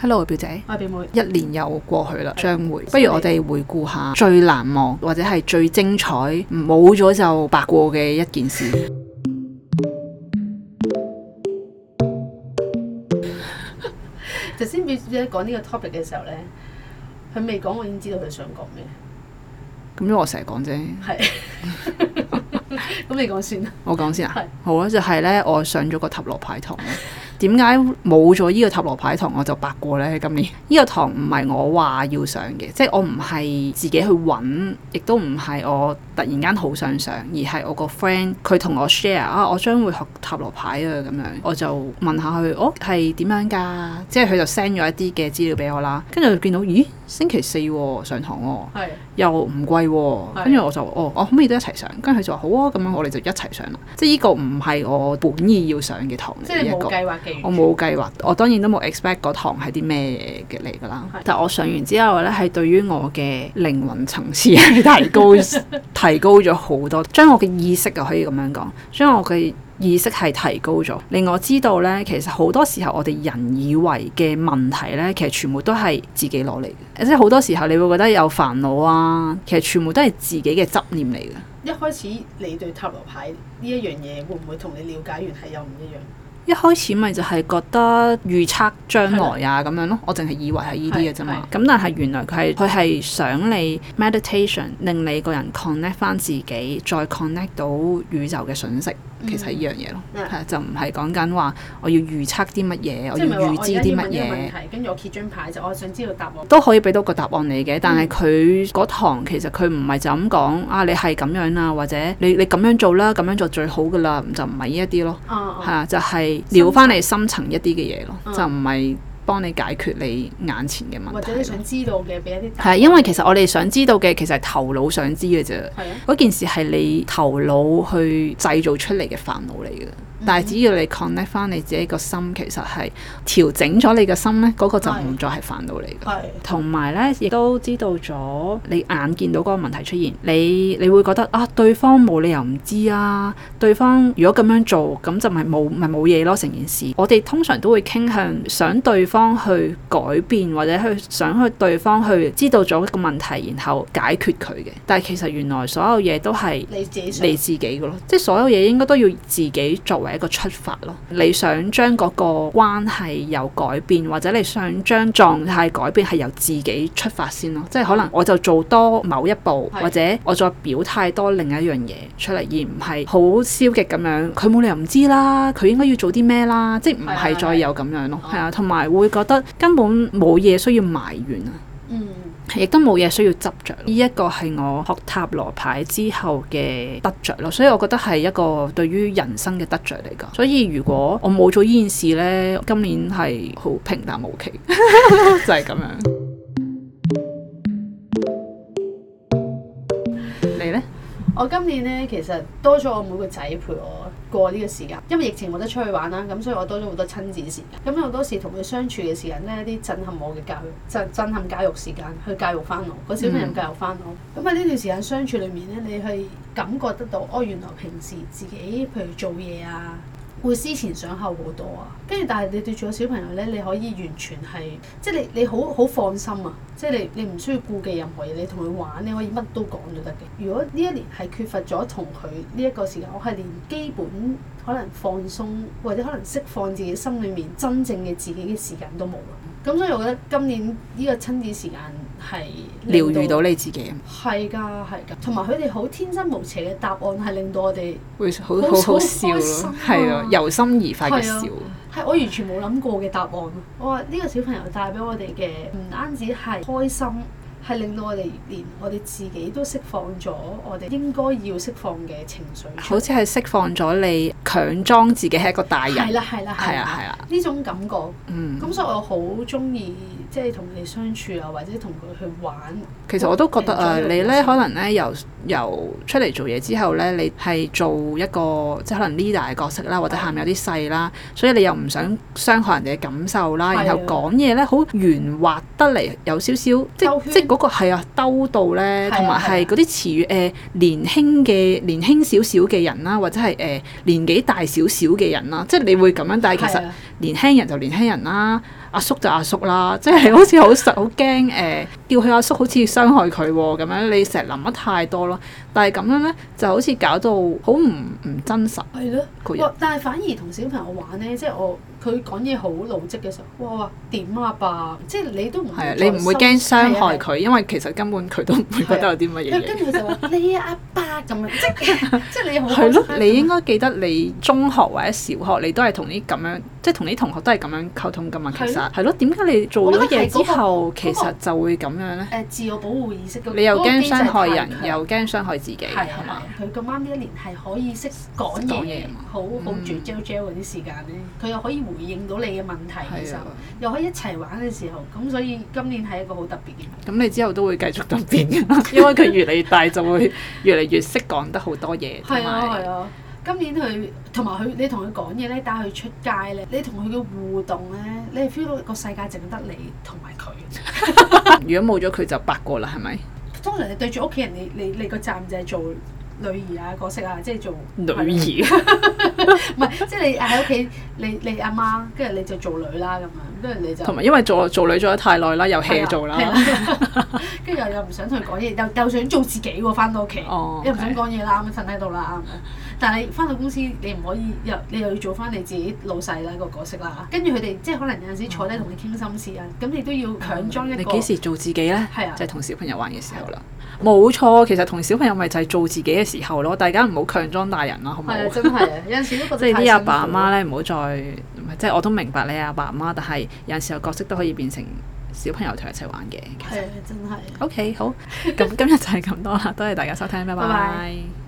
Hello，表姐，我係表妹，一年又過去啦，將會，的不如我哋回顧下最難忘、嗯、或者係最精彩，冇咗就白過嘅一件事。頭先 表姐講呢個 topic 嘅時候呢，佢未講，我已經知道佢想講咩。咁因為我成日講啫。係是的。咁 你講先啦。我講先啊。好啊，就係呢，我上咗個塔羅牌堂。 點解冇咗呢個塔羅牌堂，我就白過呢今年？呢個堂唔係我話要上嘅，即係我唔係自己去揾，亦都唔係我突然間好想上，而係我個 friend 佢同我 share 啊，我將會學塔羅牌啊咁樣，我就問下佢，哦，係點樣㗎？即係佢就 send 咗一啲嘅資料俾我啦，跟住見到咦，星期四、啊、上堂喎、啊，的又唔貴喎、啊，跟住的我就哦，我可唔可以都一齊上，跟住佢就話好啊，咁樣我哋就一齊上啦。即係呢個唔係我本意要上嘅堂嚟嘅一個。我冇計劃，我當然都冇 expect 嗰堂係啲咩嘅嚟㗎啦。的但係我上完之後咧，係對於我嘅靈魂層次係 提高， 提高咗好多。將我嘅意識啊，可以咁樣講，將我嘅意識係提高咗，令我知道咧，其實好多時候我哋人以為嘅問題咧，其實全部都係自己攞嚟嘅。即係好多時候，你會覺得有煩惱啊，其實全部都係自己嘅執念嚟嘅。一開始你對塔羅牌呢一樣嘢，會唔會同你了解完係有唔一樣？一開始咪就係覺得預測將來啊，咁吧樣咯，我淨係以為係呢啲嘅啫嘛。咁是但係原來，佢係佢係想你 meditation 令你個人 connect 翻自己，再 connect 到宇宙嘅信息。其實係依樣嘢咯，係就唔係講緊話我要預測啲乜嘢，我要預知啲乜嘢。問題跟住我揭張牌就，我想知道答案。都可以俾到個答案你嘅，但係佢嗰堂其實佢唔係就咁講啊，你係咁樣啊，或者你你咁樣做啦，咁樣做最好噶啦，就唔係呢一啲咯。係啊，啊就係聊翻你深層一啲嘅嘢咯，啊、就唔係。幫你解決你眼前嘅問題，或者你想知道嘅，俾一啲答案。係，因為其實我哋想知道嘅，其實係頭腦想知嘅啫。嗰件事係你頭腦去製造出嚟嘅煩惱嚟嘅。但係只要你 connect 翻你自己個心，其實係調整咗你嘅心咧，嗰個就唔再係煩惱嚟嘅。係。同埋咧，亦都知道咗你眼見到嗰個問題出現，你你會覺得啊，對方冇理由唔知啊。對方如果咁樣做，咁就咪冇咪冇嘢咯，成件事。我哋通常都會傾向想對方去改變或者去想去對方去知道咗個問題，然後解決佢嘅。但係其實原來所有嘢都係你自己你自己嘅咯，即係所有嘢應該都要自己作為。一個出發咯，你想將嗰個關係有改變，或者你想將狀態改變，係由自己出發先咯。即係可能我就做多某一步，或者我再表態多另一樣嘢出嚟，而唔係好消極咁樣。佢冇理由唔知啦，佢應該要做啲咩啦？即係唔係再有咁樣咯？係啊，同埋會覺得根本冇嘢需要埋怨啊。嗯，亦都冇嘢需要執着。呢一個係我學塔羅牌之後嘅得著咯，所以我覺得係一個對於人生嘅得著嚟噶。所以如果我冇咗呢件事呢，今年係好平淡無奇， 就係咁樣。 你呢？我今年呢，其實多咗我每個仔陪我。過呢個時間，因為疫情冇得出去玩啦，咁所以我多咗好多親子時間。咁我多時同佢相處嘅時間咧，一啲震撼我嘅教育，震震撼教育時間去教育翻我，個小朋友教育翻我。咁喺呢段時間相處裡面咧，你係感覺得到，哦，原來平時自己譬如做嘢啊，會思前想後好多啊，跟住但係你對住個小朋友呢，你可以完全係，即係你你好好放心啊，即係你你唔需要顧忌任何嘢，你同佢玩，你可以乜都講就得嘅。如果呢一年係缺乏咗同佢呢一個時間，我係連基本可能放鬆或者可能釋放自己心裡面真正嘅自己嘅時間都冇啦。咁所以我覺得今年呢個親子時間。係療愈到你自己。係㗎，係㗎，同埋佢哋好天真無邪嘅答案係令到我哋會好好好笑咯，係啊，由心而發嘅笑。係我完全冇諗過嘅答案。我話呢個小朋友帶畀我哋嘅唔單止係開心。係令到我哋連我哋自己都釋放咗，我哋應該要釋放嘅情緒。好似係釋放咗你強裝自己係一個大人。係啦，係啦，係啊，係啊。呢種感覺，嗯。咁所以我好中意即係同佢哋相處啊，或者同佢去玩。其實我都覺得啊，你咧可能咧由由出嚟做嘢之後咧，你係做一個即係可能 leader 嘅角色啦，或者下面有啲細啦，所以你又唔想傷害人哋嘅感受啦，的然後講嘢咧好圓滑得嚟，有少少即即圈個係啊，兜到咧，同埋係嗰啲詞語誒、呃，年輕嘅年輕少少嘅人啦，或者係誒、呃、年紀大少少嘅人啦，即係你會咁樣，但係其實。年輕人就年輕人啦，阿叔，叔就阿叔啦，即係好似好實好驚誒，叫佢阿叔，叔好似傷害佢咁樣，你成日諗得太多咯。但係咁樣咧，就好似搞到好唔唔真實。係咯、嗯，佢人。但係反而同小朋友玩咧，即係我佢講嘢好老積嘅時候，我話點啊，阿伯，即係你都唔係。你唔會驚傷害佢，因為其實根本佢都唔會覺得有啲乜嘢。跟住就話 你阿、啊、爸咁樣，即係 即係你好。係咯的， 你應該記得你中學或者小學，你都係同啲咁樣。即係同啲同學都係咁樣溝通噶嘛，其實係咯。點解你做咗嘢之後，其實就會咁樣咧？誒，自我保護意識你又驚傷害人，又驚傷害自己，係嘛？佢咁啱呢一年係可以識講嘢，好好住 gel gel 嗰啲時間咧，佢又可以回應到你嘅問題其實又可以一齊玩嘅時候，咁所以今年係一個好特別嘅。咁你之後都會繼續特別嘅，因為佢越嚟越大就會越嚟越識講得好多嘢，係啊，係啊。今年佢同埋佢，你同佢講嘢咧，帶佢出街咧，你同佢嘅互動咧，你 feel 到個世界淨得你同埋佢。 如果冇咗佢就白過啦，係咪？通常你對住屋企人，你你你個站就係做女兒啊、角色啊，即係、就是、做女兒。唔係，即係你喺屋企，你你阿媽，跟住你就做女啦咁樣，跟住你就同埋因為做做女做得太耐啦，又 hea 做啦，跟住、啊啊啊、 又又唔想同佢講嘢，又又，又想做自己喎、啊，翻到屋企你又唔想講嘢啦，咁瞓喺度啦咁但係翻到公司，你唔可以你又你又要做翻你自己老細啦個角色啦。跟住佢哋即係可能有陣時坐低同你傾心事啊，咁、嗯、你都要強裝一個。你幾時做自己咧？係啊，就係同小朋友玩嘅時候啦。冇錯，其實同小朋友咪就係做自己嘅時候咯。大家唔好強裝大人啦，好唔好、啊？真係有陣時都覺得。即係啲阿爸阿媽咧，唔好再即係、就是、我都明白你阿爸阿媽，但係有陣時候角色都可以變成小朋友同佢一齊玩嘅、啊。真係。O、okay, K，好咁，今日就係咁多啦， 多謝大家收聽，拜拜。拜拜。